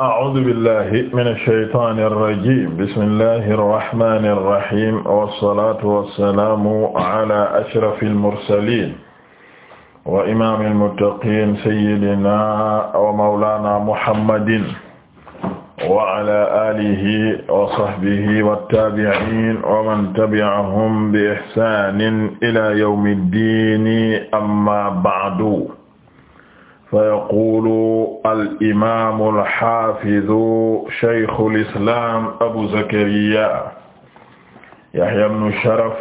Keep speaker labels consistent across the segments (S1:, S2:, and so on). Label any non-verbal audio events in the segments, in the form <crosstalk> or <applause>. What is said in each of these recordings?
S1: أعوذ بالله من الشيطان الرجيم بسم الله الرحمن الرحيم والصلاة والسلام على أشرف المرسلين وإمام المتقين سيدنا ومولانا محمد وعلى آله وصحبه والتابعين ومن تبعهم بإحسان إلى يوم الدين أما بعد فيقول الإمام الحافظ شيخ الإسلام أبو زكريا يحيى بن شرف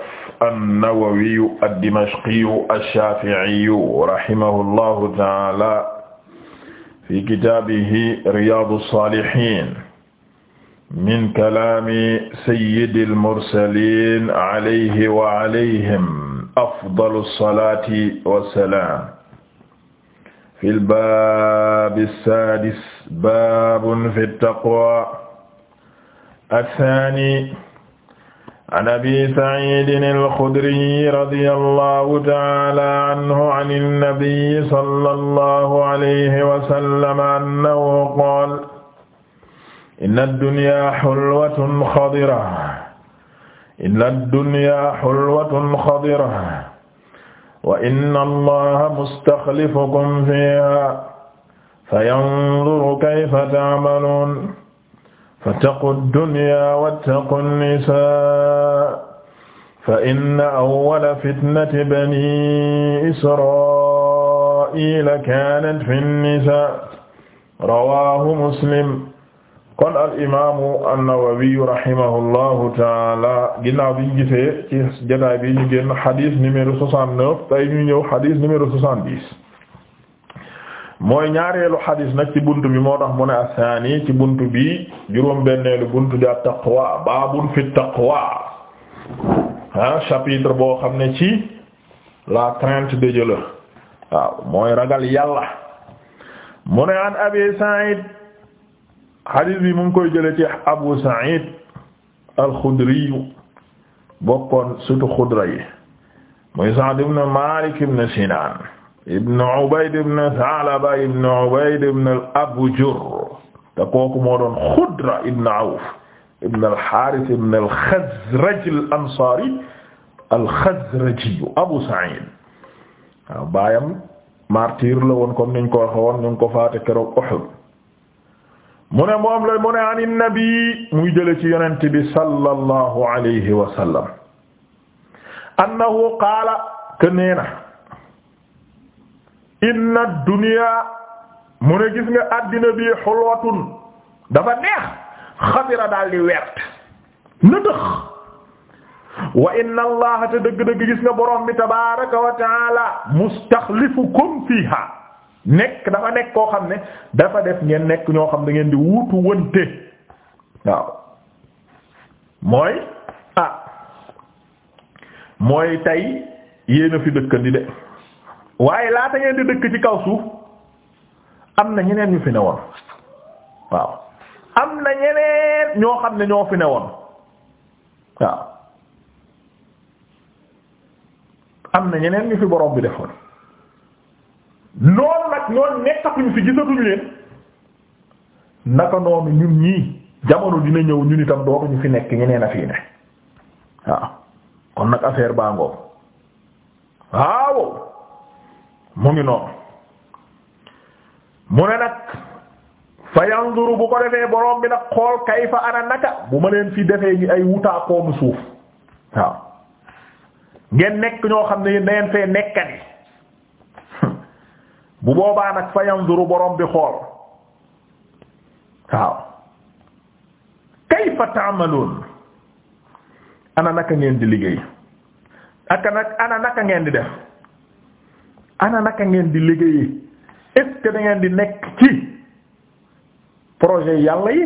S1: النووي الدمشقي الشافعي رحمه الله تعالى في كتابه رياض الصالحين من كلام سيد المرسلين عليه وعليهم أفضل الصلاة والسلام fil baabi saadis baabun fi taqwa asaani an abi saciidin alxudriy radiyallahu ta'aala anhu an annabiyyi sallallahu alayhi wa sallam annahu qaala inna ad-dunyaa hulwatun xadira inna ad-dunyaa hulwatun xadira wa inna allaha mustaxlifukum fiha fayanzuru kayfa ta'maluun fattaqu dunya wattaqu nisaa fa inna awwala fitnati bani israa'iila kaanat fi nisaa rawaahu muslim kon al imaamu an-Nawawi rahimahullahu taala ginnaaw bi ñu gisee ci jotaay bi ñu génn xadis numéro soixante neuf tey ñu ñëw xadis numéro soixante dix mooy ñaareelu xadis nag ci bunt bi moo tax mu ne asaani ci bunt bi juróom-benneelu bunt bi at-taqwa baabun fi taqwa ah chapitre boo xam ne ci la crainte de Dieu mooy ragal yàlla mu ne an Abi Saïd xadiis bi mu ngi koy jële ci Abu Sa'id al-Xudri bokkoon sutu xudra yi muy Sa'd ibn Maalik ibn Sinaan ibn Ubayd ibn Sa'laba ibn Ubayd ibn al-Abjar te kooku moo doon Xudra ibn Awf ibn al-Haaris ibn al-Xazraj al-Ansaari al-Xazraji Abu Sa'id waaw baayam martyr la woon comme niñ ko waxee woon ñu ngi ko faate keroog Uhud mu ne moom la mu ne an nabi muy jële ci yonent bi sallallahu alayhi wa sallam annahu qaala ke nee na inna dunya mu ne gis nga àddina bi xulwatun dafa neex xadira daal di wert na dëx wa inna allaha te dëgg-dëgg gis nga borom bi tabaraka wa taala mustaxlifukum fiha nekk dafa nekk koo xam ne dafa def ngeen nekk ñoo xam da ngeen di wuutu wënte waaw mooy ah mooy tey yéen a fi dëkkandi de waaye laata ngeen di dëkk ci kaw suuf am na ñeneen ñu fi ne woon waaw am na ñeneen ñoo xam ne ñoo fi ne woon waaw am na ñeneen ñu fi borom bi defoon noonu nag ñoon nekkatuñ fi gisatuñ leen naka noonu ñun ñii jamono dina ñëw ñun itam dootuñu fi nekk ñeneen a fii ne waaw kon nag affaire baa ngoom waaw mu ngi noonu mu ne nag fa bu ko defee borom bi nag xool kayfa ana naka bu ma leen fi defee ñi ay wutaakoonu suuf waaw ngeen nekk ñoo xam ne yéen fee nekkati bu boobaa nag fa yanzuru borom bi xool waaw kayfa ta'malun ana naka ngeen di liggéey aka nag ana naka ngeen di def ana naka ngeen di liggéey est-ce que ngeen di nekk ci projet yàlla yi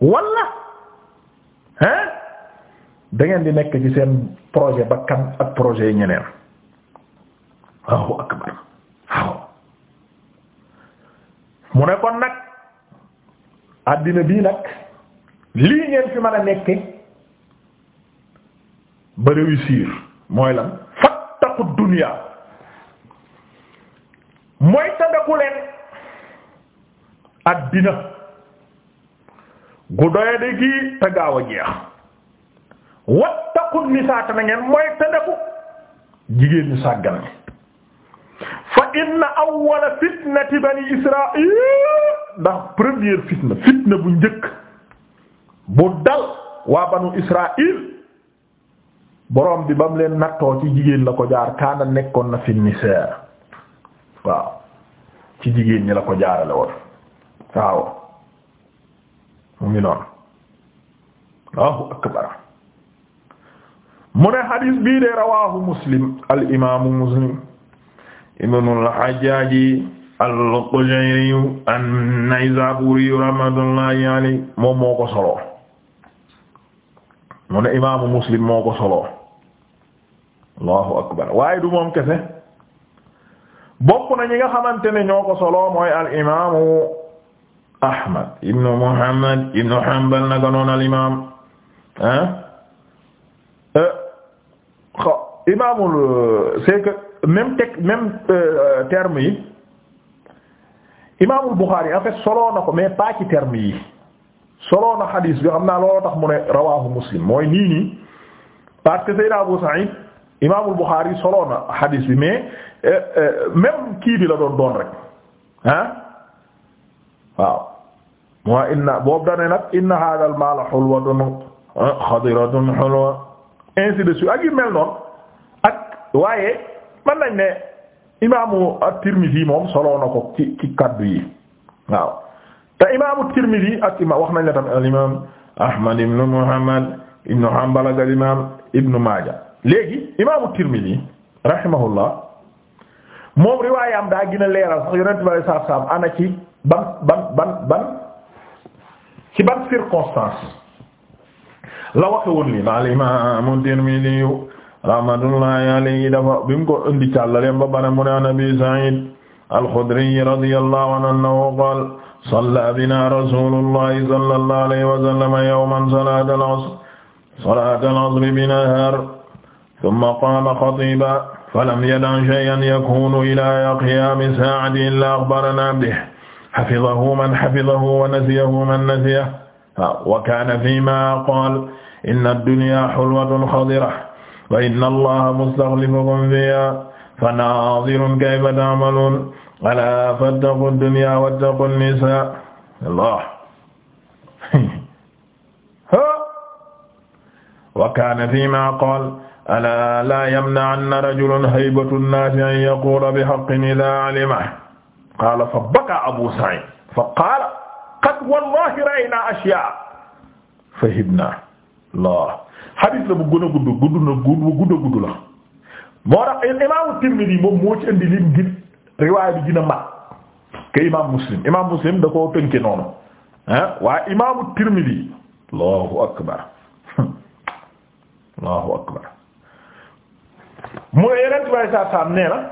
S1: wala hein da ngeen di nekk ci seen projet bakkan ak projet yi ñeneen waaw akbar mu ne kon nag àddina bii nag lii ngeen fi mën a nekke ba réussir mooy lan fattaqu dunya mooy tadaku leen àddina gu doya de gii te gaaw a jeex wattaqu nisaa na ngeen mooy tadaku jigéen ñu sàggan inna awwala fitnati bani israil ndax première fitna fitna bu njëkk bu dal waa banu israil borom bi ba mu leen nattoo ci jigéen la ko jaar kaana nekkoon na fi nisaa waaw ci jigéen ñi la ko jaarale woon waaw mu ngi noonu Allahu mu ne xadiis bii de rawaahu muslim al imaamu muslim ibnu al-Hajjaaji al-Qushayri an-Naysaburi rahmatullahi alayhi moom moo ko solo mu ne imaamu Muslim moo ko solo Allahu akbar waaye du moom kese bokk na ñi nga xamante ne ñoo ko solo mooy al imaamu Ahmad ibnu Muhammad ibnu Hanbal naka noonu al imaam ah eh, imaamu c'est que même teg même euh, terme yi imaamul Buxaari en fait soloo na ko mais pas ci yi soloo na xadiis bi xam naa looloo tax mu ne rawaahu Muslim mooy nii nii parce Abu Sa'id imaamul Buxaari soloo na xadiis bi mais euh, euh, même kii bi la doon doon rek ah waaw moo inna boobu dane nag inna hada al maala xulwatun xadiratun xulwa ainsi de mel noonu waaye man nañ ne imaamu at-Tirmidhi moom soloo na ko ci ci kaddu yi waaw te imaamu at-Tirmidhi ak wax nañ la tam al-imaam Ahmad ibn Muhammad ibn al-imaam Ibn Maaja moom riwaayam daa leeral sax yonent bi alayhi salaatu salaam ana circonstance la waxe woon lii ma al-imaam at-Tirmidhi rahmatullahi alayhi dafa bi mu ko indi càllaleem ba bare mu ne an abi Sa'id al-Khudri radiyallahu anhu annahu qaal salla bina rasulullahi sallallahu alayhi wa sallam yawman salata al-'asr salata al-'asr binahar thumma qaama khatiba falam yada' shay'an yakunu ila qiyaami saa'ati illa akhbarana bihi hafizahu man hafizahu wa nasiyahu man nasiyahu wa kaana fiima qaal inna ad-dunya hulwatun khadira wa inna allaha mustaxlifukum fiha fa naadirun kayfa ta'malun ala fattaqu dunya wattaqu nisa allah <laughs> wa kaana fiima qaala alaa laa yamna'anna rajulun haybatu nnaasi an yaquula bihaqqin idaa alimahu qaala fa bakaa abuu sa'iid fa qaala qad wallaahi ra'aynaa ashyaa'a fahimnaa allah xadiis la bu gën na gudd a la moo tax imaamu Tirmidi moom moo ci indi lim gin riwaay bi gën a mat ke Muslim imaam Muslim da koo tënke noonu ah waaye imaamu Tirmidi allahu akbar allahu akbar mu ne yeneen way saa saam nee na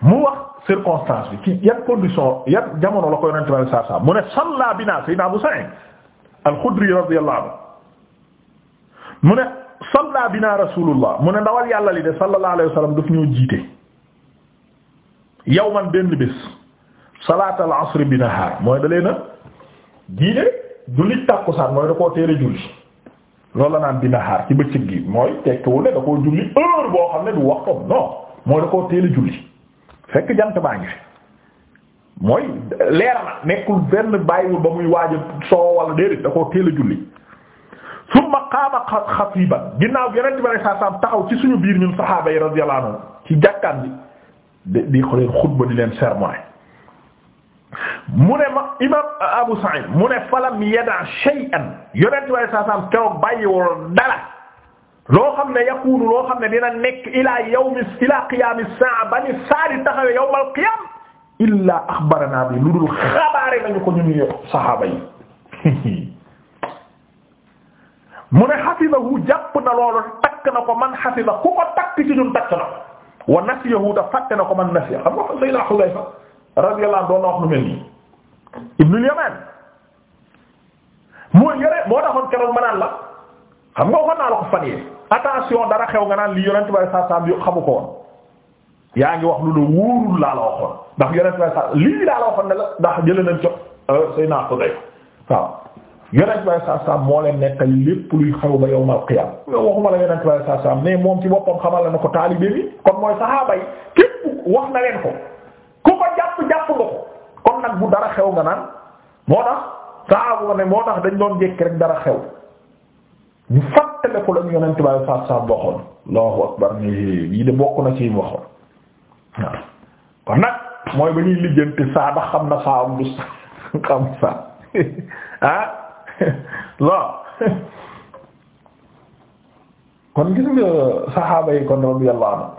S1: mu wax circonstance bi ci yan condition yan jamono la ko yonent bi sallallahu alayhi wasallam mu ne salla bina sayyidina Abu Sa'id al-Khudri radiyallahu anhu mu ne sol salla bina rasulullah mu ne ndawal yàlla li de sallallahu alayhi wa sallam daf ñoo jiite yawman benn bés salaatal asri bi nahaar mooy da leena jiite julli tàkkusaan mooy da koo teel julli loolu la naan bi nahaar ci bëccëg gi mooy tekkiwul ne da koo julli boo xam ne du waxtoom non mooy da koo teel a julli fekk jant baa ngi fi mooy leer na nekkul benn bàyyiwul ba muy waaj a soo wala déedéet da koo teel julli summa qaama xatiban ginnaaw yonent bi sallallahu alayhi wasallam taxaw ci suñu biir ñun saxaaba yi radiyallahu anhu ci jàkkaan bi di leen xutba di leen sermoné mu ne ma imam Abu Sa'id mu ne falam yada shay'an yonent bi sallallahu alayhi wasallam keroog bàyyiwul dara loo xam ne yakunu loo xam ne dina nekk ila yawmi ila qiyaami saa ba ni saa di taxawee yawmal qiyaam illaa axbaranaa bi lu dul xabaare nañu ko ñun saxaaba yi <laughs> mu ne xafidahu jàpp na loolu takk na ko man xafida ku ko takk ci ñun takk na ko wa nasiyahu da fàtte na ko man nasiya xam nga Sayyidina Xudayfa radiyallahu anhu doon na wax lu mel nii Ibnul la xam nga naa la ko fan yee attention dara xew nga naan li yonent bi sallallahu alayhi xamu ko yaa ngi wax lu la wóorul laa ndax yonent bi sallallahu alayhi lii laa la waxoon ne la ndax jëlee nañ co euh, naa Xudayfa waaw yonent bay saa saam moo leen nekkal lépp luy xew ba yawmal qiyaam yow waxuma la yonent bay saa saam moom ci boppam xamal la ne ko taalibe bi kon mooy saxaaba yi képp wax na leen ko ku ko jàpp jàpp nga ko kon nag bu dara xew nga naan moo moo tax dañ doon jékki rek dara xew ñu fàttale ko bokk na ci mu mooy ba ñuy lijjanti saa ndax xam na saa am <laughs> xam saa <laughs> ah waaw <laughs> <laughs> kon gis nga saxaaba yi kon radiyallahu anhu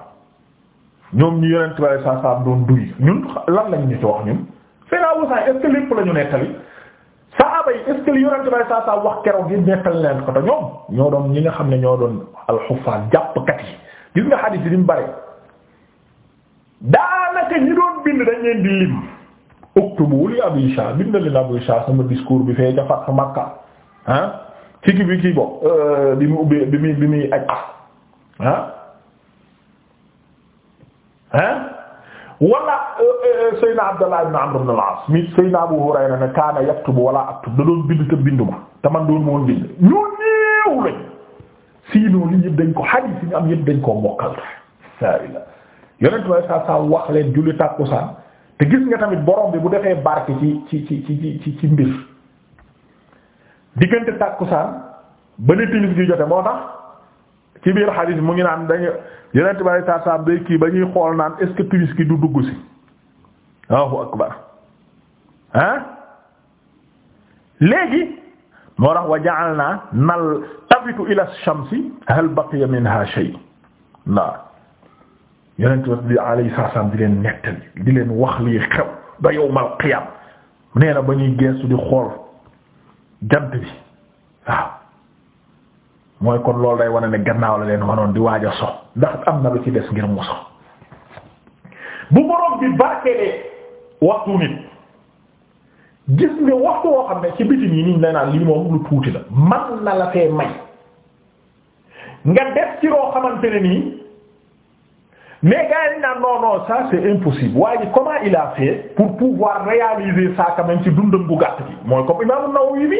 S1: ñoom ñu yonent bi alayhi doon duy ñun lan lañ ñu ci wax ñun Seydina Musaa est-ce que wax keroog yi nettali leen ko te ñoom ñoo doon ñi nga xam ne ñoo doon alxufaan jàppkat yi gis nga xadiis yi ni mu bare daanaka ñi doon bind dañ leen di lim. uktubu li Abi Shah bindalil Abi Shah sama discours bi fee ca Fathu Makka ah ci bi kii bo euh, bi mu bi muy bi muy aj ah ah wala euh, euh, Abu Hurayra ne kaana yaktubu wala aktub da doon bind te binduma te man doon moon bind ñu néew lañ sinon li yëpp ko hadith am yëpp dañ koo mokkal ta saa ila yonentu way sa sa wax leen julli te gis nga tamit borom bi bu defee bark ci ci ci ci ci ci mbir diggante tàkkusaan ba ni timis gi jote moo tax ci biir xadiis mu ngi naan dañu yeneen tubaab yi day kii ba ñuy xool naan est gi du dugg si Allahu akbar ah léegi moo tax wa ja'alna nal tabitu ila shamsi hal baqiya minha shay naa. yonent bi alayhi salaam di leen nettali di leen wax lii xew ba yawmal qiyaam nee na ba ñuy geestu di xool jant bi waaw mooy kon loolu day wane ne gannaaw la leen wanoon di waaja so ndax am na lu ci des ngir mu so bu borom bi barkelee waxtu nit gis nga waxtu woo xam ne ci bitim yi niñ la naan lii moom lu tuuti la man na la fee may nga def ci loo xamante ne nii mais gars yi naan non c'est impossible waaye comment il a fait pour pouvoir réaliser ça quand même ci dundam bu gàtt bi mooy comme Imam An-Nawawi bi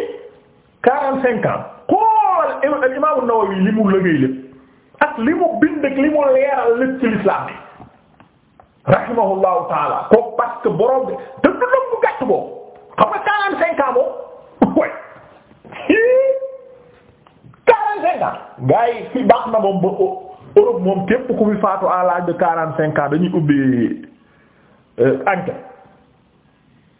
S1: 45 ans xool Imam An-Nawawi li mu liggéey lépp ak li mu bind ak li mu leeral lépp ci l'islam bi rahimahullahu taala ko parce que borom bi te dundam bu gàtt boobu xam nga 45 ans boobu way <laughs> 45 ans gars yi fi baax na moom ba Europe moom képp ku fi faatu à l'âge quarante cinq ans dañuy ubbi euh, enquête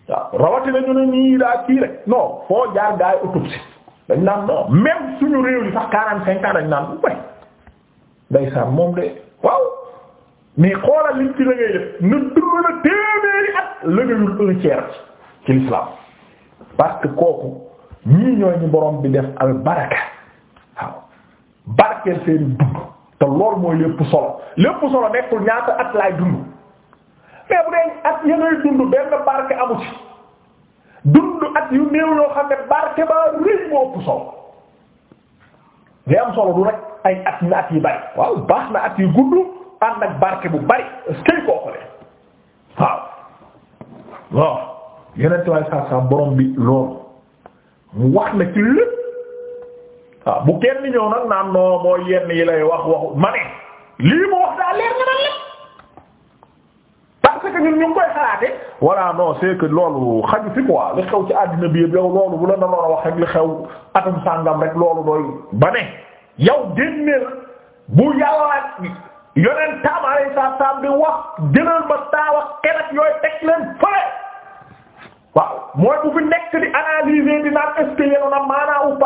S1: waaw rawatina ñu ne nii daa kii rek non foo jaar gaay autopsie dañ naan non même suñu réew yi sax quarante cinq dañ naan bu bay ndeysaan moom de waaw mais xoolal liñ ci lëgëy def na dund na téeméeri at lëgëyul un tiers ci l'islam kooku ñii ñooy ñu borom bi def al waaw barkeel seen dund te loolu mooy lépp solo lépp solo nekkul ñaata at laay dund mais bu dee at ya ngay dund benn barke amu ci dund at yu néew yoo xam ne barke ba rëy moo ëpp solo li am solo du rek ay at na at bari waaw baax na at yu gudd ànd ak barke bu bari eskay koo ko lee waaw waaw yeneen te saa saa borom bi loolu wax na ci lépp waaw bu kenn ñëw nag naan non mooy yenn yi lay wax waxu ma ne lii mu wax daa leer nga naan lépp parce que ñun ñu koy xalaate voilà non c'est que loolu xaju fi quoi li xew ci àddina bi yëpp loolu bu la na loon a wax rek li xew atum sàngam rek loolu doy ba ne yow génneel bu yàlla yoneen taam alay sa saam bi wax jëlal ba taa wax keneen yooyu teg leen fële waaw mooy bu fi nekk di analyser di naan est-ce que maanaa ou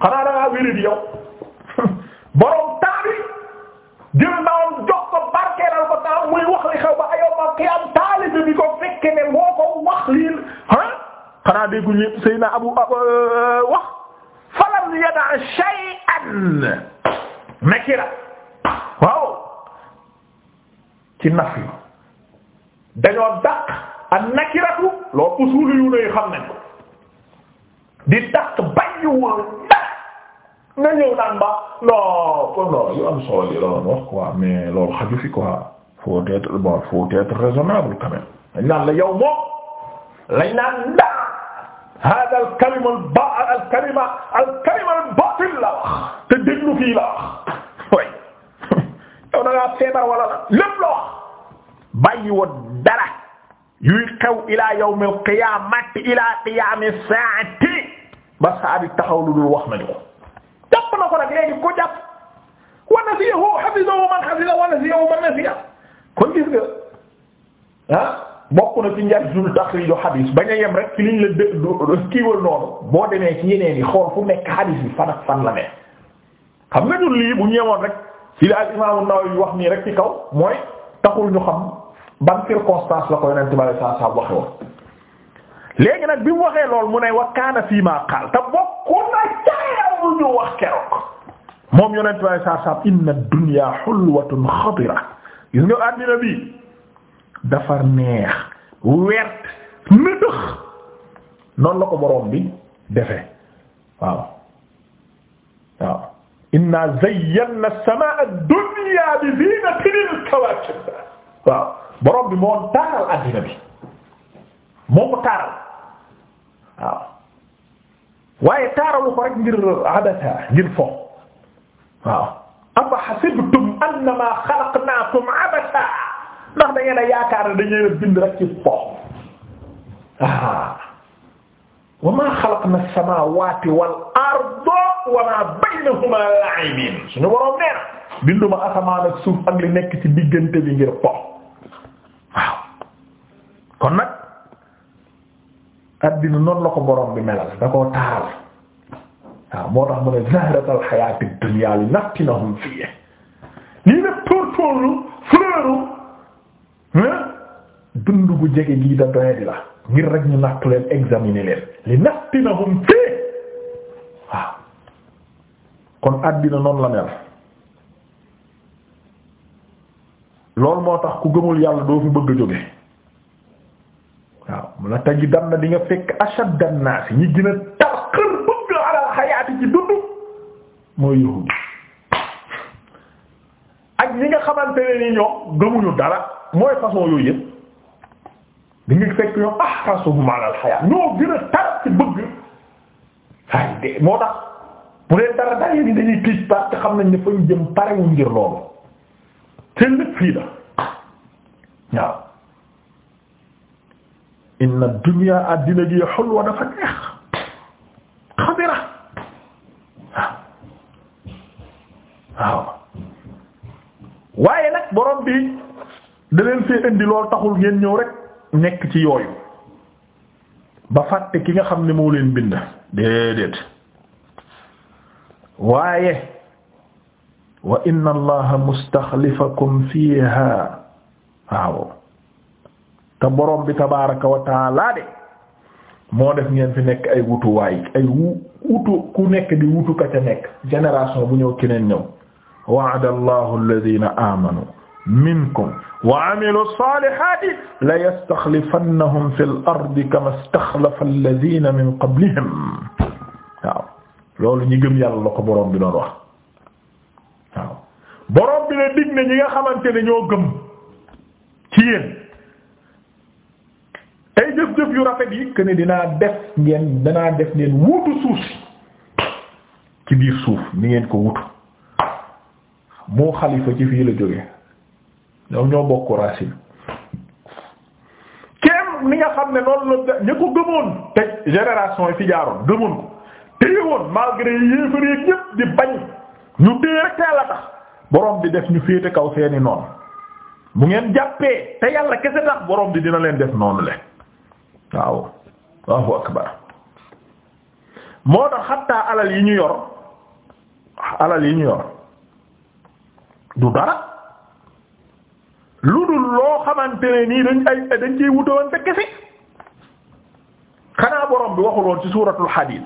S1: xanaa da ngaa wéri di yow borom temps bi jël ndawam li xew ba ayoo ma bi ko fekke ne moo ko wax lii ah xanaa déggu ñëpp Seydina Abu euh, wax falam yada shay'an nakira waaw ci naf yi dañoo dàq nakiratu loo usulu yu ne xam nañ ko di dàq bañu nga ñëw naan ba non kon non yu am solo yi la wax quoi mais loolu xaju fi quoi faut être bon faut être raisonnable quand même dañ naan la yow moom lañ naan da hada al kalima al ba al kalima al kalima al batil la wax te déglu fii la wax way <laughs> yow da ngaa feebar wala la lépp la wax bàyyi wa dara yuy xew ila yawm al qiyamati ila qiyam as-saati ba saa bi taxaw lu dul wax nañu ko jàpp na ko nag léegi ko jàpp wa nasiyahu hafizahu man hafiza wa nasiyahu man nasiya kon gis nga ah bokk na ci njarjul taxriiju xadiis bañ a yem rek liñ la dë kiiwal noonu boo demee ci yeneen yi xool fu nekk xadiis bi fan ak ñu yemoon rek ci la Imaam An-Nawawi wax nii rek ci kaw mooy taxul ñu xam ban circonstance la ko Yonent bi saa saa waxe woon léegi nag bi mu waxee lool mu ne wa kaana fii maa te bokkoon loolu ñu wax keroog moom yonent waaye saa saam inna dunya hulwatun xadira gis nga àddina bi dafa neex wert nëtëx noonu la ko boroom bi defee waaw waaw inna zayyana as-samaa dunya bi zinatin al-kawaakib waaw boroom bi moo bi moo waaye taaralu ko rek ngir abasa ngir fo waaw afa hasibtum annama xalaqnaakum abasa ndax da ngeen a yaakaar ne dañu leen bind rek ci fo ah wa maa xalaqna as-samaawaati wal arda wa maa baynahumaa laa'ibiin suñu boroom nee na binduma asamaan ak suuf ak li nekk ci diggante bi ngir fo waaw kon nag addina noonu la ko borom bi melal da koo taaral waaw moo tax mu ne zahratal hayaati dunya li naftinahum fihi lii nag tóortóorlu fleur u dund gu jege gii da doye la ngir rek ñu natt leen examiner leen li naftinahum fihi waaw kon addina noonu la mel loolu moo tax ku gëmul yàlla doo fi bëgg jóge la tagi dan na di nga fekk ashad an-nas ñi gën a tar xër dugg xayaati ci dund mooy yahudi ak ñi nga xamante ne ni ñoom gëmuñu dara mooy façon yooyu yëpp di nga fekk ñoom ahrasuhum alal xayaat ñoo gën a tar ci de moo tax bu leen dara dara yéen dañuy tiit parce que xam nañ ne fa ñu jëm parewuñ ngir loolu seen lépp fii la inna dunya addina gi xulwa dafa neex xadira waaw waaye nag borom bi da leen fee indi lool taxul ngeen ñëw rek nekk ci yooyu ba fàtte ki nga xam ne moo leen bind déedéet waaye wa inna allaha mustaxlifakum fiha waaw te borom bi tabaaraka wa taala de moo def ngeen fi nekk ay wutuwaay ay wu wutu ku nekk di wutu ka ca nekk génération bu ñëw keneen ñëw wa'ada allahu alladhina amanu minkum wa amilu salihati la yastakhlifannahum fil ardi kama istakhlafa alladhina min qablihim waaw loolu ñi gëm yàlla la ko borom bi doon wax waaw borom bi ne dig ne ñi nga xamante ne ñoo gëm ci yéen ay jëf-jëf yu rafet yi que ne dinaa def ngeen danaa def ngeen wutu suuf si ci biir suuf ni ngeen ko wutu moo xalifa ci fii la jóge ñoom ñoo bokk racine kenn ni nga xam ne noonu la ña ko gëmoon te génération yi fi jaaroon gëmoon ko téye woon malgré yéefaree ñépp di bañ ñu téye rek la tax borom bi def ñu féete kaw seeni noonu bu ngeen jàppee te yàlla kese tax borom bi dina leen def noonu le waaw Allahu akbar moo tax xattaa alal yi ñu yor alal yi ñu yor du dara lu dul loo xamante ne nii dañ ay dañ ciy wutawante kese xanaa borom bi waxul woon ci suuratul Hadiid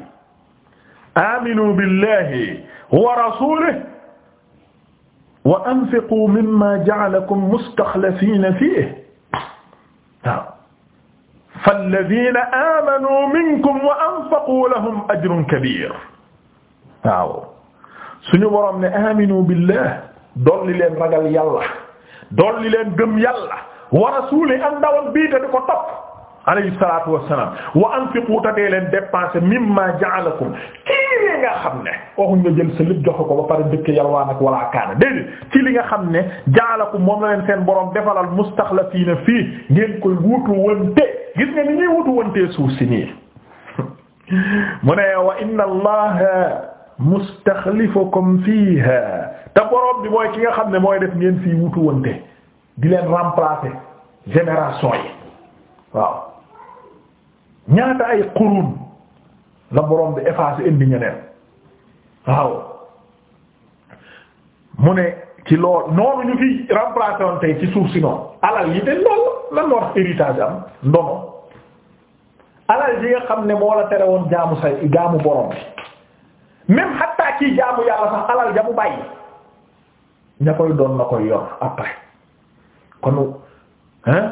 S1: aminu billahi wa rasulihi wa anfiqu mimma ja'alakum mustaxlafiina fiihi waaw falladina amanu minkum wa anfaqu lahum ajrun kabir waaw suñu boroom ne aminu billah dolli leen ragal yàlla dolli leen gëm yàlla wa rasuli ak ndawam bii te di ko topp alayhi salatu wassalam wa anfiqu te dee leen dépensé mimma ja'alakum kii li nga xam ne waxuñ nga jël sa lépp joxe ko ba pare dëkk yalwaan ak walaa kaana déedéet ci li nga xam ne ja'alakum moom la leen seen boroom defalal mustaxlafiina fii ngeen koy wuutu wante gis nga ni ñuy wutu wantee suuf si nii mu ne wa inna allaha mustaxlifukum fiiha te borom bi mooy ki nga xam ne mooy def ngeen fii wutu wante di leen remplacer génération yi waaw ñaata ay qurun la borom bi effacer indi ñeneen waaw mu ne ci loolu noonu ñu fi remplacé woon tey ci suuf si noonu alal yi te loolu lan la wax héritage am ndono alal yi nga xam ne moo la tere woon jaamu say jaamu borom bi même xatta kii jaamu yàlla sax alal ja mu bàyyi ña koy doon na koy yor après kon hein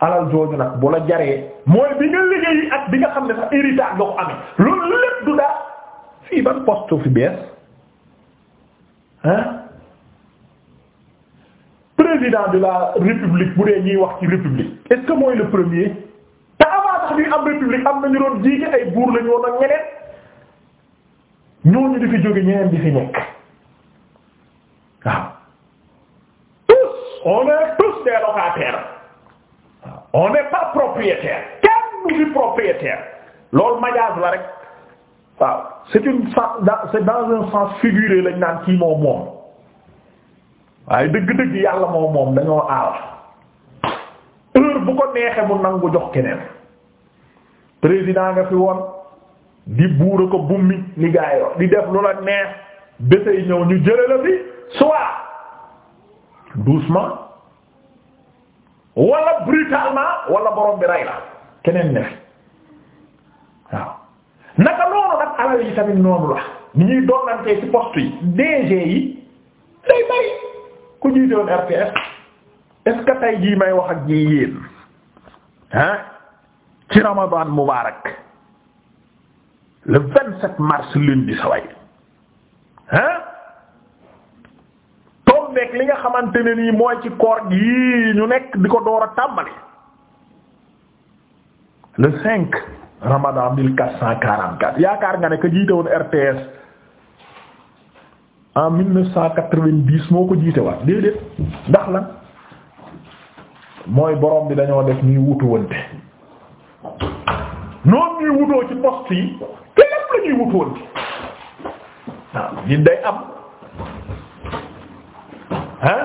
S1: alal jooju nag bu la jaree mooy bi nga liggéey ak bi nga xam ne sax héritage nga ko amee loolu lépp du daa fii ban poste fi bees hein président de la république bu dee ñuy wax ci république est-ce que mooy le premier te avant sax ñuy am république am nañu doon jiite ay buur la ñu woon ñeneen ñooñu di fi jóge ñeneen di fi nekk waaw tous on est tous des locataires on n'est pas propriétaire kenn du fi propriétaire loolu majaas la rek waaw c'est une c'est dans un sens figuré lañ naan kii moom moom waaye dëgg-dëgg yàlla moom moom dañoo aal heure bu ko neexee mu nangu jox keneen président nga fi woon di buura ko bummi ni gaayoo di def lu la neex bésay ñëw ñu jële la fi soit doucement wala brutalement wala borom bi rey la keneen ne waaw naka noonu nag alal yi tamit noonu la ni ñuy doonante ci poste yi DG yi day bari ku jiite woon RTS est-ce jii may wax ak ji yéen ah ci Ramadan mubarak le vingt sept mars lundi sa way ah tombeek li nga xamante ne nii mooy ci koor gi ñu nekk di ko door a tàmbali le cinq Ramadan mille quatre cent quarante quatre yaakaar nga ne ka jiite woon RTS en diis moo ko jiite waat déedéet ndax la mooy borom bi dañoo def ñuy wutu wante noonu ñuy wutoo ci poste yi te lépp la wutu wante waaw nit day am hein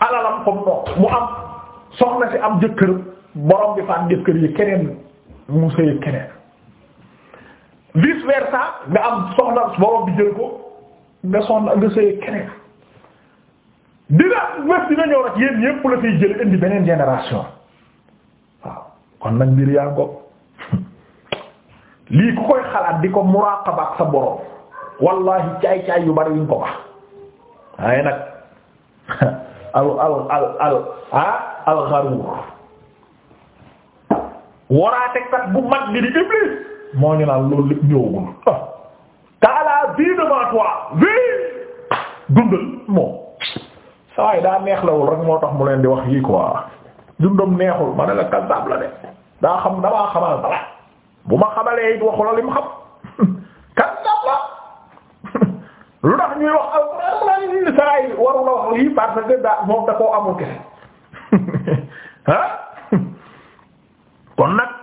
S1: alalam comme mu am soxna si am jëkkër borom bi fa am jëkkër yi keneen mu sëy keneen vice versa nga am soxna borom bi jël ko nga soxna nga sëy keneen dina bés dina ñëw nag yéen ñépp la fiy jël indi beneen génération waaw kon nag mbir yaa ngoog lii ku koy xalaat di ko muraqaba ak sa borom wallahi caay caay yu bari yuñ ko wax waaye nag <laughs> al al al al ah al gharuur waraate kat bu mag bi di iblis moo ñu naan loolu lépp ñëwagul ah taalaa vie devant toi vie dundal moom saa daa neexlawul rek moo tax mu leen di wax yii quoi dundam neexul ma ne la kazaab la de daa xam damaa xamal dara bu ma xamalee it waxu la li mu xam <laughs> kazaab la <laughs> lu tax ñuy wax alxuraan saa yi waru la wax lii parce daa moom da koo amul kese <laughs> ah kon nag.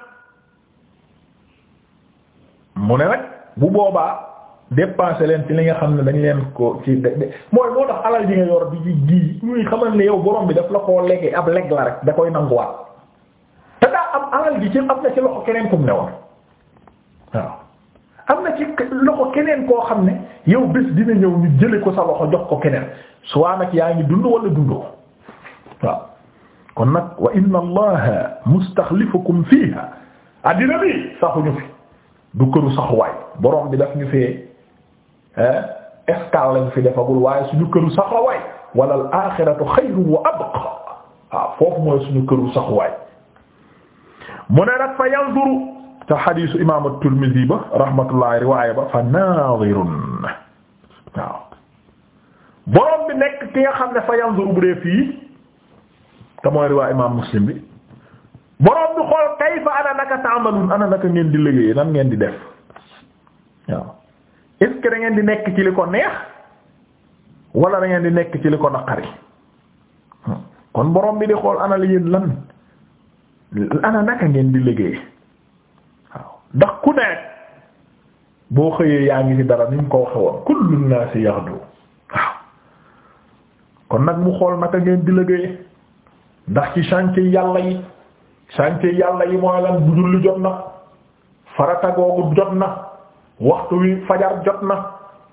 S1: mu ne nag bu boobaa dépensé leen ci li nga xam ne dañ leen ko ci mooy moo tax alal ji nga yor bi ji ñuy xamal ne yow borom bi daf la koo leggee ab legg la rek da koy nanguwaat te daa am alal ji ci am na ci loxo keneen kum ne woon loxo keneen koo xam ne yow bés dina ñëw ñu jële ko sa loxo jox ko keneen soit nag yaa ngi dund wala dundoo waaw kon nag wa inna allaha mustaxlifukum fiiha addina bi saxuñu fi du këru saxuwaay borom bi daf ñu fee escale lañ fi defagul waaye suñu këru saxuwaay wala al axiratu xayrun wa abqa waaw foofu mooy suñu këru saxuwaay mu ne nag fa yanzuru te xadiisu imaam at-Tirmidhi ba rahmatullahi riwaaya ba fa naadirun waaw borom bi nekk ki nga xam ne fa yanzuru bu dee fii te mooy riwaaya imaam Muslim bi borom bi xool kayfa ana naka ta'malun ana naka ngeen di liggéey nag ngeen di def waaw est ce que ngeen di nekk ci li ko neex wala da di nekk ci li ko naqari hmm. kon boroom bi di xool ana li yéen lan ana naka ngeen di liggéey waaw ndax ku ne boo xëyee yaa ngi ci dara ni koo ko waxe woon kullu naasi waaw kon nag mu xool naka ngeen di liggéey ndax ci chantier yàlla yi. sante yàlla yi mooy lan bu julli jot na farata googu jot na waxtu wi fajar jot na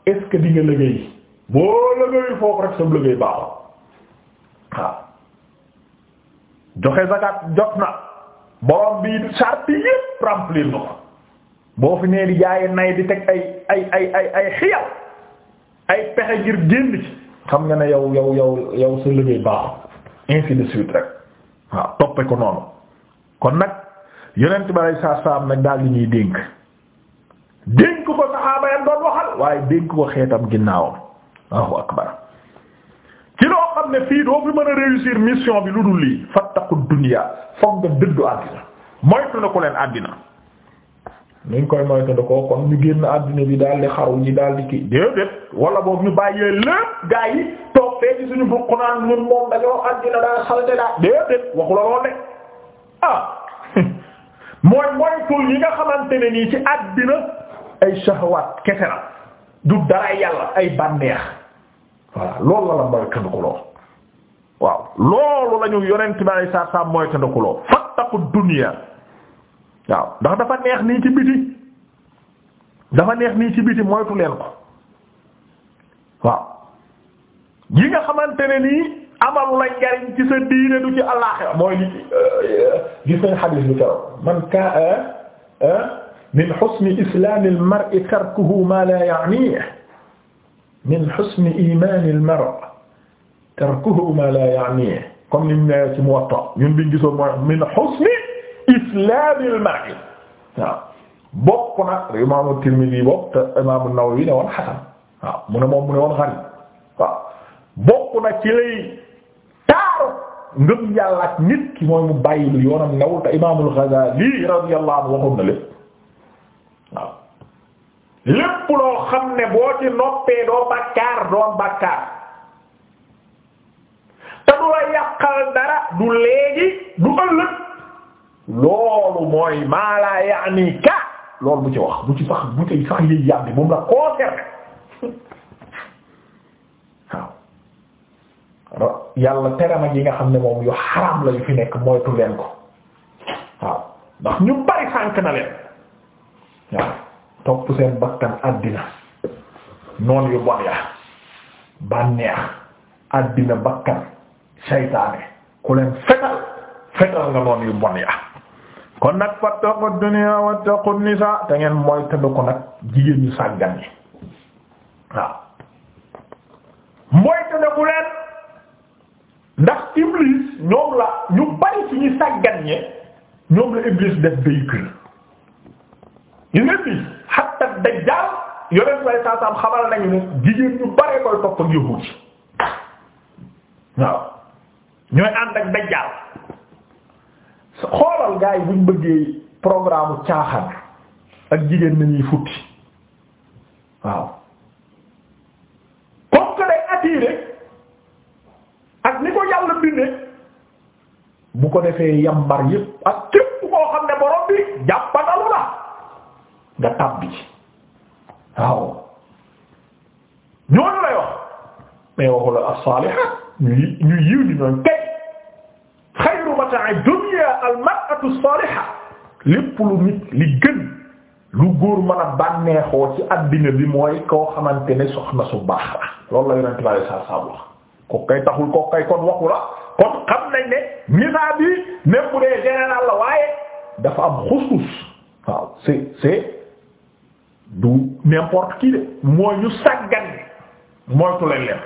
S1: est-ce que di nga liggéey boo foofu rek sa liggéey baaxul joxe zakat jot na borom bi charte yépp remplir na boo fi nee di jaaye nay di teg ay ay ay ay xiyal ay pexe ngir génn ci xam nga ne yow yow yow yow sa liggéey baaxul ainsi de suite rek waaw toppe ko noonu kon nag yonent bi alay saa nag daal li ñuy dénk dénk ko saxaaba doon waxal waaye dénk ko xeetam ginnaawam waaw akbar ci loo xam ne fii doo fi mën a réussir mission bi lu dul lii fattaqu dunya foog nga dëddu àddina moytu na ko leen àddina nuñ koy moytu na ko kon ñu génn àddina bi daal di xaru ñi daal di kii déedéet wala boog ñu bàyyee lépp gaa yi toog fee ci suñu bokk naan ñun moom dañoo àddina daa salte daa déedéet waxu la lool de ah <laughs> mooy moytul yi nga xamante ne nii ci àddina ay shahwaat kese la du dara yàlla ay bànneex voilà loolu la la mooy tënkuloo waaw loolu lañu ñu yonent bi ay saa saa mooy tënkuloo fattaqu dunya waaw ndax dafa neex nii ci biti dafa neex nii ci biti moytu leen ko waaw yi nga xamante ne nii amalu la njariñ ci sa diine du ci àllaxira mooy li euh, euh, gis nañ xadiis bi keroog man ka euh, min husni islaami al-mar'i tarkuhu ma la ya'nihi min husni imaani al-mar'i tarkuhu ma la ya'nihi comme niñ ne ci Muwatta ñun biñ gisoon mooy min husni islaami al-mar'i waaw bokk na imaamu Tirmidi bokk te imaamu Nawawi ne woon hasan waaw mu ne moom mu ne woon gharib waaw bokk na ci lay ngëm yàlla ak nit ki mooy mu bàyyi yoonam newul te imaamul Ghazali radiyallahu anhu waxoon lépp loo xam ne boo ci noppee doo bàkkaar doon bàkkaar te du yàqal dara du léegi du ëllëg loolu mooy maa laa yaani ka loolu bu ci wax bu ci sax bu ci sax yëy yàbbi bu mu la concerné <laughs> waaw yàlla tere mag yi nga xam ne moom yu xaraam la yu fi nekk moytu leen ko waaw ndax ñu bari sànk na leen waaw topp seen bakkan àddina noon yu bon ya bànneex àddina bakkan saytaane ku leen fetal fetal nga noon yu bon ya kon nag fattaqu dunya wattaqu nisa te ngeen mooy tëdd ko nag jigéen ñu sàggan yi waaw mooy tëdd ku leen Iblis ñoom la ñu bari ci ñu sàggan ñe ñoom la Iblis def véhicule yi nga Iblis hatta Dajjal yonent way saasaam xamal nañu ne jigéen ñu baree koy topp ak yahuud waaw ñooy ànd ak Dajjal xoolal gars yi buñ bëggee programme caaxaan ak jigéen nañuy futti waaw comme que day attiré bindee bu ko defee yambar yëpp ak képp koo xam ne borom bi jàppanalu la nga tàbbi waaw ñooñu lay wax mais waxula as ñu ñu yiw ñu ñooñ kay xayru mata'i dunya al-mar'atu lépp lu nit li gën lu góor mën a bànneexoo ci àddina bi mooy koo xamante ne soxna su baax la loolu la yonent bi sallallahu alayhi wasallam ko kay taxul ko kay kon waxu la kon xam nañ ne nisaab bi même bu dee général la waaye dafa am xusus waaw c'est c'est du n'importe qui de mooy ñu sàggan moytu leen leen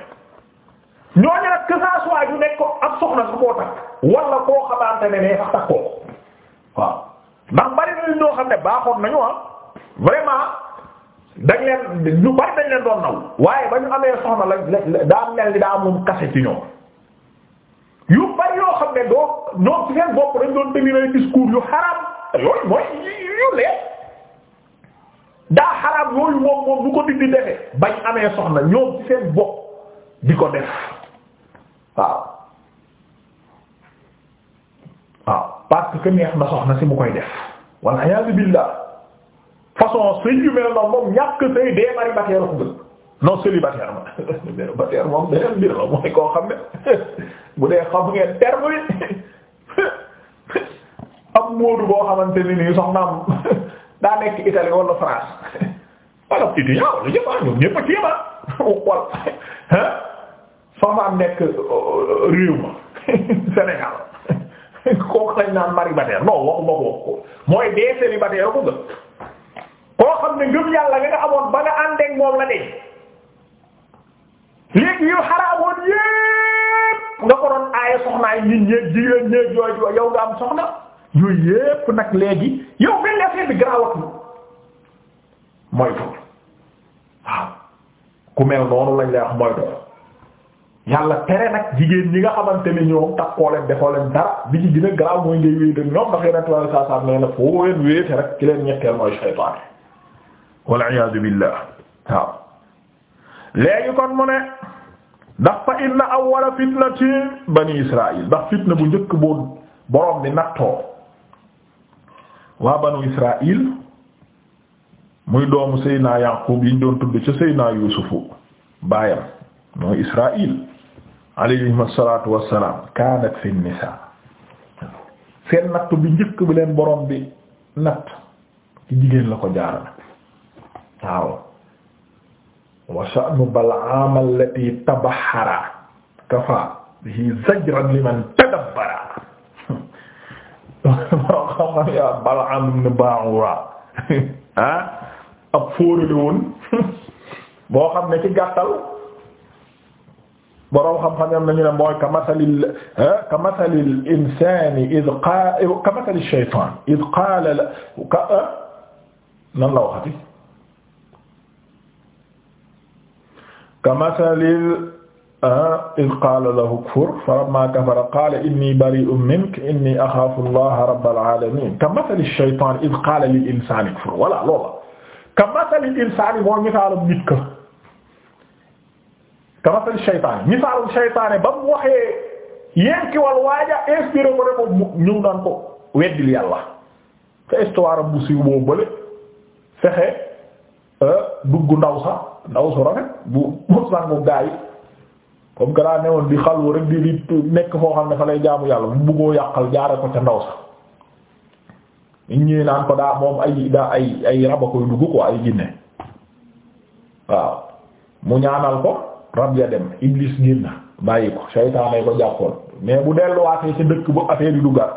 S1: ñooñu nag que ça soit ñu nekk ko ab soxna su koo takk wala koo xamante ne ne sax takkoo waaw ndax bari na ñoo xam ne baaxoon nañu ah vraiment. dañ leen ñu bari dañ doon naw waaye ba ñu amee soxna la daa mel daa moom kase ci ñoom yu bari yoo xam ne doo ñoom ci seen bopp dañ doon tenir ay discours yu xaraam yooyu mooy yu lee daa xaraam yooyu moom moom bu ko nit di defee bañ amee soxna ñoom ci seen bopp di ko def waaw waaw parce que neex na soxna si mu koy def walla iyaazu billaah façon sëy yu mel noonu moom ñàkk sëy dee célibataire ko gën non célibataire ma <laughs> célibataire moom beneen mbir la mooy koo xam ne <laughs> bu dee xam ngeen terme bi <laughs> am moodu boo xamante ni nii soxnaam daa nekk Italie wala France wala étudiant wala ñëpp ñoom ñëpp a kii ma wala ah soxnaam nekk euh, euh, réew ma Sénégal kooku lañ naan célibataire non waxuma mooy dee célibataire ko gën. koo xam ne ngëm yàlla nga nga amoon ba nga àndeek moom la deñ léegi yu xaraamoon yépp nga ko doon aaye soxnaay nit ñeeg jigéen yow nga soxna yooyu yépp nag léegi yow benn affaire bi garawat mi moytu waaw ku mel noonu lañ lay wax moytu yàlla tere nag jigéen ñi nga xamante ni ñoom takkoo leen defoo leen dara bi ci gën a garaaw mooy ngay wéy de ñoom ndax yeneen tool yi saa saa nee na foo leen wéete rek ki leen ñetteel mooy seytaane wal iyaadu billah waaw léegi kon mu ne ndax fa inna awwala fitnati bani israil ndax fitna bu njëkk boo borom bi nattoo waa banu israil muy doomu Seydina Yaqub yi ñu doon tudd ca Seydina Yuusufu baayam mooy israil alayhim assalatu wassalam kaanat fi nisaa seen natt bi njëkk bi leen borom bi natt ci jigéen la ko jaarale waaw wa sha'nu Bal'am allati tabahhara kafa bihi zajran liman tadabbara Bal'am ibn Ba'ura ah ab fóorale woon boo xam ne ci gàttal boroom xam-xam yam nañu ne mooy ka masalil ah, ka masalil insani id qaala ka masalil shaytan id qaala la ka ah, nan la waxati kamasalil ah, iz qaala lahu kfur falammaa kafara qaala innii bari'un minka innii axaafu llaaha rabbal aalamiin kamasali shaytaani iz qaala lil insaani kfur voilà loolu la kamasali insaani mooy misaalum nit ka kamasali shaytaani misaalum shaytaani ba mu waxee yéen ki wal waaja inspiré ko rek mu ñëw naan ko weddil yàlla te histoire bu siiw boo bële fexe. Euh, dugg ndaw sax ndaw su rafet bu bu sangu gaa yi comme que daa di xalwu rek di di nekk foo xam ne fa lay jaamu yàlla bu bëggoo yàqal jaare ko ca ndaw sax ñu ñëwee naan ko daa moom ay daa ay ay rab a koy dugg ko ay jinne waaw mu ñaanal ko rab ya dem iblis génn bàyyi ko seytaane ko jàppoon mais bu delluwaatee ca dëkk ba affaire duggaat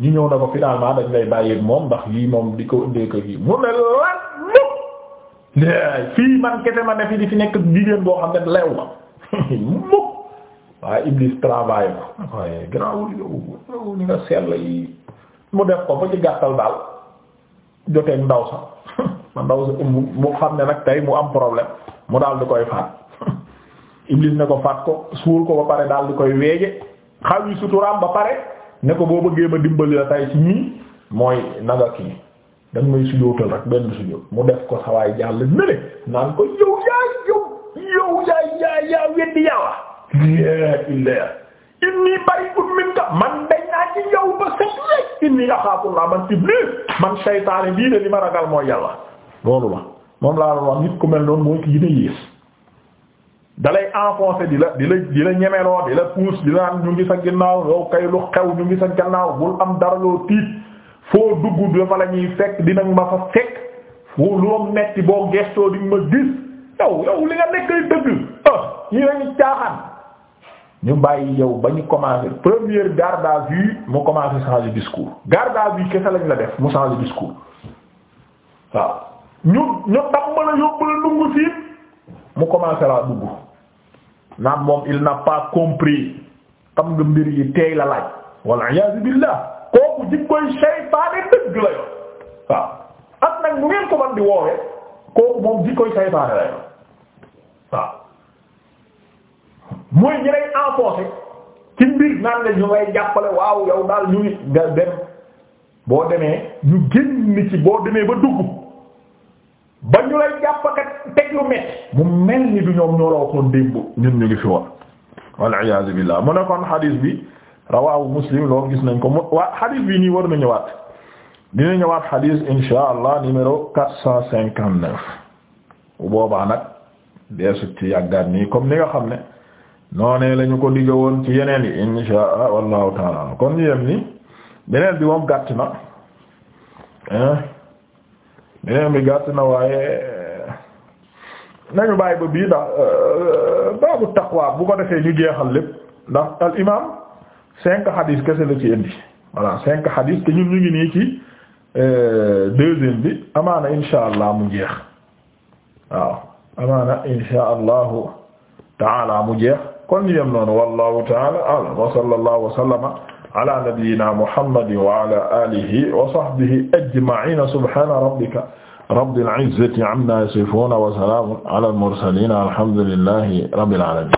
S1: ñu ñëw na ko finalement dañ lay bàyyi moom ndax lii moom di ko dee ko kii mu ne lan fii man kese ma ne fi di fi nekk jigéen boo xam ne leew ma <laughs> mukk waaye Iblis travail ko waaye grawul yow ni nga sell yi mu def ko ba ci gàttal daal jotee ndaw sa <laughs> ma ndaw sa mu xam ne nag tey mu am problème mu daal di koy faat <laughs> Iblis ne ko faat ko suul ko ba pare daal di koy weeje xaw yi suturaam ba pare ne ko boo bëggee ma dimbali la tey ci ñii mooy naga kii da nga may sujjóotal rek benn sujjóot mu def ko sawaay jàll nële naan ko yow yaay yow yow yaay yaay yaa weddi yàlla la illah inni bari'un minka man dañ naa ci yow ba set rek inni man iblis man saytaane bii de li ma ragal mooy yàlla loolu la moom laa doon wax nit ku mel noonu mooy ki gën a dalay enfoncé di la di la di la di la puus di la ñu ngi sa ginnaaw yow kay lu xew ñu ngi sa gannaaw bul am dara loo tiit foo dugg dafa la ñuy fekk dina ma fa fekk foo loo metti boo gestoo di ma gis yow yow li nga nekk ay dëgg ah ñu lañu caaxaan ñu bàyyi yow ba ñu commencé première garde à vue mu commencé changer discours garde à vue kese lañ la def mu changer discours waaw ñu ñu tam mën a yóbbu la dungu siit mu commencé laa dugg naan moom il n'a pas compris xam nga mbir yi teey la laaj walla iyaazu billah kooku jikkoy saytaane dëgg la yor waaw ak nag nu ngeen ko man di woowee kooku moom jikkoy saytaane la yor waaw mooy ñi lay enfoncé ci mbir naan la ñu ngay jàppale waaw yow daal ñu nga dem boo demee ñu génn ci boo demee ba dugg ba ñu lay jàppkat teg lu metti mu mel ni du ñoom ñoo la waxoon démb ñun ñu ngi fi woon wal iyaazu billaah mu ne kon xadiis bi rawaahu muslim loolu gis nañ ko mu waa xadis bi nii war na ñëwaat dina ñëwaat xadis insha allah numéro quatre cent cinquante neuf bu boobaa nag deesu ci yàggaat nii comme ni nga xam ne noonee lañu ko digga woon ci yeneen yi insha allahu taala kon ñu yem ni beneen bi moom gàtt na beneen bi gàtt na waaye nañu bàyyi ba bii ndax euh, baabu taqwa bu ko defee ñu jeexal lépp ndax al imam cinq xadis kese la ci indi voilà cinq xadis te ñun ñu ngi nii ci euh, deuxième bi amaana insha allah mu jeex waaw amaana insha allahu taala mu jeex kon ñu yem noonu wallahu taala alam wa sallallahu wa sallama ala nabiyyina muhammadin wa ala alihi wa sahbihi ajma'ina subhana rabbika rabbil izzati amma yasifun wa salamun ala al mursalin alhamdulillahi rabbil alamin